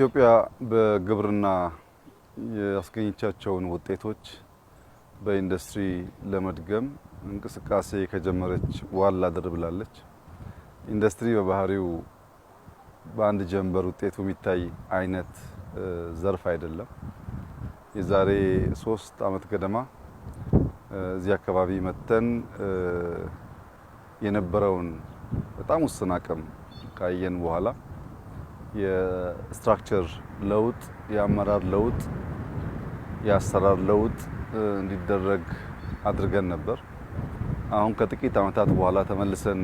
ኢትዮጵያ በግብርና ያስገኘቻቸውን ውጤቶች በኢንዱስትሪ ለመድገም እንቅስቃሴ ከጀመረች ዋላ ድር ብላለች። ኢንዱስትሪ በባህሪው በአንድ ጀንበር ውጤቱ የሚታይ አይነት ዘርፍ አይደለም። የዛሬ ሶስት አመት ገደማ እዚህ አካባቢ መተን የነበረውን በጣም ውስን አቅም ካየን በኋላ የስትራክቸር ለውጥ፣ የአመራር ለውጥ፣ የአሰራር ለውጥ እንዲደረግ አድርገን ነበር። አሁን ከጥቂት ዓመታት በኋላ ተመልሰን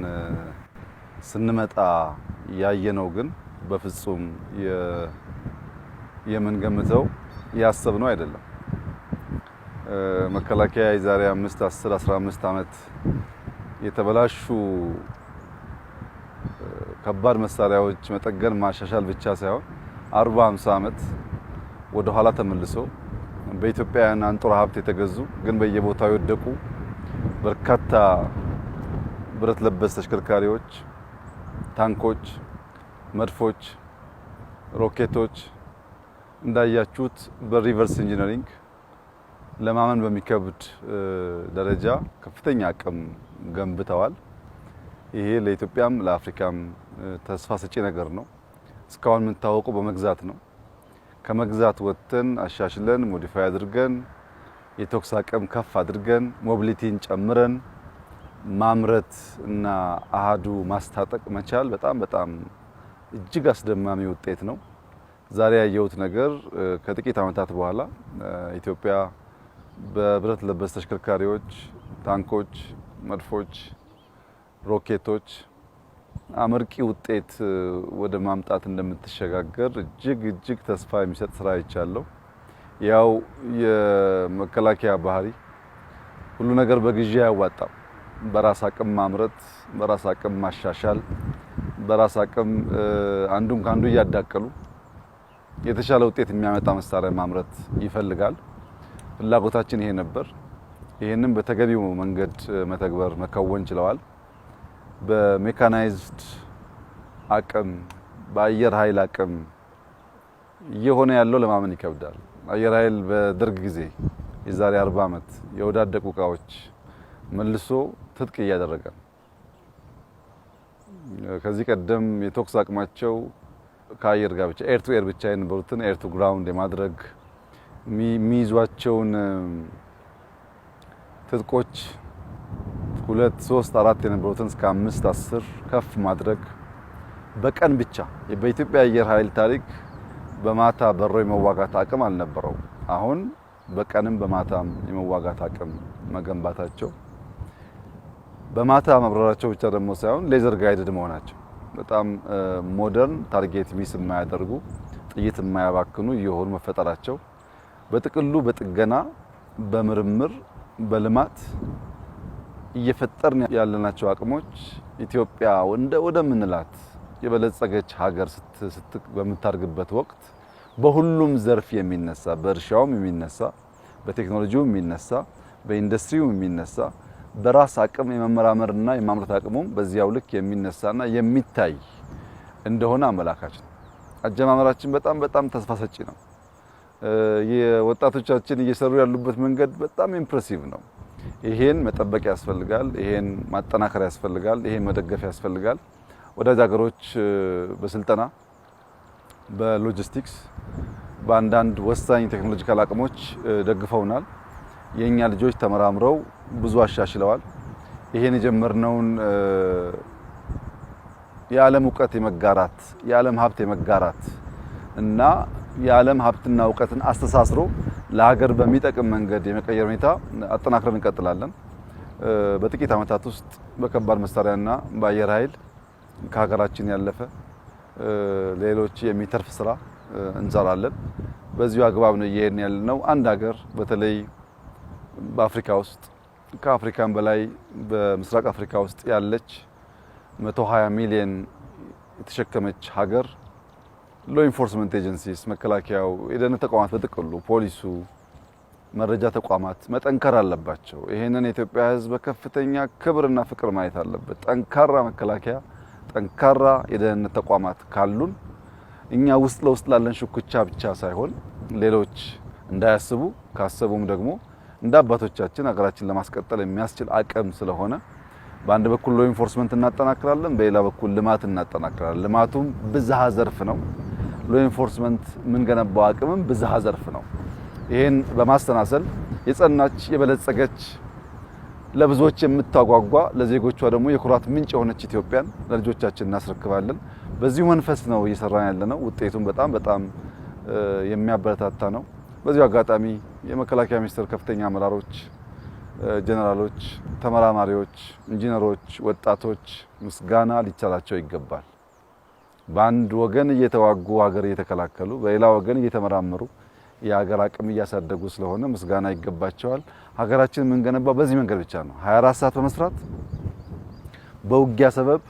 ስንመጣ ያየነው ግን በፍጹም የምንገምተው ያሰብነው አይደለም። መከላከያ የዛሬ 5 10 15 ዓመት የተበላሹ ከባድ መሳሪያዎች መጠገን ማሻሻል ብቻ ሳይሆን አርባ ሃምሳ ዓመት ወደ ኋላ ተመልሶ በኢትዮጵያውያን አንጡራ ሀብት የተገዙ ግን በየቦታው የወደቁ በርካታ ብረት ለበስ ተሽከርካሪዎች፣ ታንኮች፣ መድፎች፣ ሮኬቶች እንዳያችሁት በሪቨርስ ኢንጂነሪንግ ለማመን በሚከብድ ደረጃ ከፍተኛ አቅም ገንብተዋል። ይሄ ለኢትዮጵያም ለአፍሪካም ተስፋ ሰጪ ነገር ነው። እስካሁን የምንታወቀው በመግዛት ነው። ከመግዛት ወጥተን አሻሽለን ሞዲፋይ አድርገን የቶክስ አቅም ከፍ አድርገን ሞቢሊቲን ጨምረን ማምረት እና አሃዱ ማስታጠቅ መቻል በጣም በጣም እጅግ አስደማሚ ውጤት ነው። ዛሬ ያየሁት ነገር ከጥቂት ዓመታት በኋላ ኢትዮጵያ በብረት ለበስ ተሽከርካሪዎች፣ ታንኮች፣ መድፎች፣ ሮኬቶች አመርቂ ውጤት ወደ ማምጣት እንደምትሸጋገር እጅግ እጅግ ተስፋ የሚሰጥ ስራ ይቻለሁ። ያው የመከላከያ ባህሪ ሁሉ ነገር በግዢ አያዋጣም። በራስ አቅም ማምረት፣ በራስ አቅም ማሻሻል፣ በራስ አቅም አንዱን ከአንዱ እያዳቀሉ የተሻለ ውጤት የሚያመጣ መሳሪያ ማምረት ይፈልጋል። ፍላጎታችን ይሄ ነበር። ይህንም በተገቢው መንገድ መተግበር መከወን ችለዋል። በሜካናይዝድ አቅም በአየር ኃይል አቅም እየሆነ ያለው ለማመን ይከብዳል። አየር ኃይል በደርግ ጊዜ የዛሬ 40 ዓመት የወዳደቁ እቃዎች መልሶ ትጥቅ እያደረገ ነው። ከዚህ ቀደም የተኩስ አቅማቸው ከአየር ጋር ብቻ ኤር ኤር ብቻ የነበሩትን ኤር ቱ ግራውንድ የማድረግ የሚይዟቸውን ትጥቆች ሁለት ሶስት አራት የነበሩትን እስከ አምስት አስር ከፍ ማድረግ በቀን ብቻ በኢትዮጵያ አየር ኃይል ታሪክ በማታ በሮ የመዋጋት አቅም አልነበረው። አሁን በቀንም በማታም የመዋጋት አቅም መገንባታቸው በማታ መብረራቸው ብቻ ደግሞ ሳይሆን ሌዘር ጋይድድ መሆናቸው በጣም ሞደርን ታርጌት ሚስ የማያደርጉ ጥይት የማያባክኑ እየሆኑ መፈጠራቸው በጥቅሉ በጥገና በምርምር በልማት እየፈጠርን ያለናቸው አቅሞች ኢትዮጵያ ወደ ወደምንላት የበለጸገች ሀገር በምታርግበት ወቅት በሁሉም ዘርፍ የሚነሳ በእርሻውም የሚነሳ በቴክኖሎጂውም የሚነሳ በኢንዱስትሪውም የሚነሳ በራስ አቅም የመመራመርና የማምረት አቅሙም በዚያው ልክ የሚነሳና የሚታይ እንደሆነ አመላካች ነው። አጀማመራችን በጣም በጣም ተስፋ ሰጪ ነው። የወጣቶቻችን እየሰሩ ያሉበት መንገድ በጣም ኢምፕሬሲቭ ነው። ይሄን መጠበቅ ያስፈልጋል። ይሄን ማጠናከር ያስፈልጋል። ይሄን መደገፍ ያስፈልጋል። ወዳጅ ሀገሮች በስልጠና በሎጂስቲክስ በአንዳንድ ወሳኝ ቴክኖሎጂካል አቅሞች ደግፈውናል። የእኛ ልጆች ተመራምረው ብዙ አሻሽለዋል። ይሄን የጀመርነውን የዓለም እውቀት የመጋራት የዓለም ሀብት የመጋራት እና የዓለም ሀብትና እውቀትን አስተሳስሮ ለሀገር በሚጠቅም መንገድ የመቀየር ሁኔታ አጠናክረን እንቀጥላለን። በጥቂት ዓመታት ውስጥ በከባድ መሳሪያና በአየር ኃይል ከሀገራችን ያለፈ ሌሎች የሚተርፍ ስራ እንሰራለን። በዚሁ አግባብ ነው እየሄድን ነው። አንድ ሀገር በተለይ በአፍሪካ ውስጥ ከአፍሪካን በላይ በምስራቅ አፍሪካ ውስጥ ያለች 120 ሚሊዮን የተሸከመች ሀገር ሎ ኢንፎርስመንት ኤጀንሲስ፣ መከላከያው፣ የደህንነት ተቋማት በጥቅሉ ፖሊሱ፣ መረጃ ተቋማት መጠንከር አለባቸው። ይህንን የኢትዮጵያ ሕዝብ በከፍተኛ ክብርና ፍቅር ማየት አለበት። ጠንካራ መከላከያ፣ ጠንካራ የደህንነት ተቋማት ካሉን እኛ ውስጥ ለውስጥ ላለን ሹክቻ ብቻ ሳይሆን ሌሎች እንዳያስቡ ካሰቡም ደግሞ እንደ አባቶቻችን ሀገራችን ለማስቀጠል የሚያስችል አቅም ስለሆነ በአንድ በኩል ሎ ኢንፎርስመንት እናጠናክራለን፣ በሌላ በኩል ልማት እናጠናክራለን። ልማቱም ብዝሃ ዘርፍ ነው። ሎ ኢንፎርስመንት የምንገነባው አቅምም ብዝሃ ዘርፍ ነው። ይህን በማስተናሰል የጸናች የበለጸገች ለብዙዎች የምታጓጓ ለዜጎቿ ደግሞ የኩራት ምንጭ የሆነች ኢትዮጵያን ለልጆቻችን እናስረክባለን። በዚሁ መንፈስ ነው እየሰራን ነው። ውጤቱም በጣም በጣም የሚያበረታታ ነው። በዚሁ አጋጣሚ የመከላከያ ሚኒስቴር ከፍተኛ አመራሮች፣ ጀነራሎች፣ ተመራማሪዎች፣ ኢንጂነሮች፣ ወጣቶች ምስጋና ሊቻላቸው ይገባል። በአንድ ወገን እየተዋጉ ሀገር እየተከላከሉ በሌላ ወገን እየተመራመሩ የሀገር አቅም እያሳደጉ ስለሆነ ምስጋና ይገባቸዋል። ሀገራችን የምንገነባው በዚህ መንገድ ብቻ ነው። 24 ሰዓት በመስራት በውጊያ ሰበብ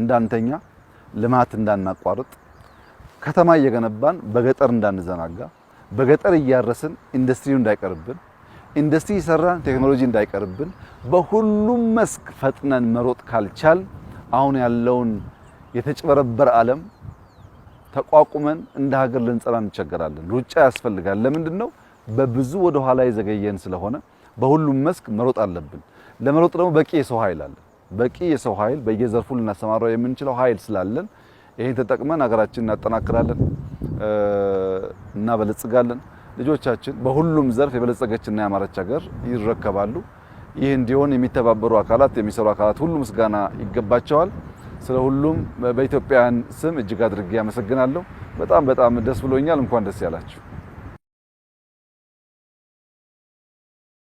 እንዳንተኛ፣ ልማት እንዳናቋርጥ፣ ከተማ እየገነባን በገጠር እንዳንዘናጋ፣ በገጠር እያረስን ኢንዱስትሪው እንዳይቀርብን፣ ኢንዱስትሪ ሰራን ቴክኖሎጂ እንዳይቀርብን፣ በሁሉም መስክ ፈጥነን መሮጥ ካልቻል አሁን ያለውን የተጭበረበር ዓለም ተቋቁመን እንደ ሀገር ልንጸና እንቸገራለን። ሩጫ ያስፈልጋል። ለምንድን ነው? በብዙ ወደ ኋላ የዘገየን ስለሆነ በሁሉም መስክ መሮጥ አለብን። ለመሮጥ ደግሞ በቂ የሰው ኃይል አለ። በቂ የሰው ኃይል በየዘርፉ ልናሰማራው የምንችለው ኃይል ስላለን ይህን ተጠቅመን ሀገራችን እናጠናክራለን፣ እናበለጽጋለን። ልጆቻችን በሁሉም ዘርፍ የበለጸገችና ያማረች ሀገር ይረከባሉ። ይህ እንዲሆን የሚተባበሩ አካላት፣ የሚሰሩ አካላት ሁሉ ምስጋና ይገባቸዋል። ስለ ሁሉም በኢትዮጵያውያን ስም እጅግ አድርጌ አመሰግናለሁ። በጣም በጣም ደስ ብሎኛል። እንኳን ደስ ያላችሁ።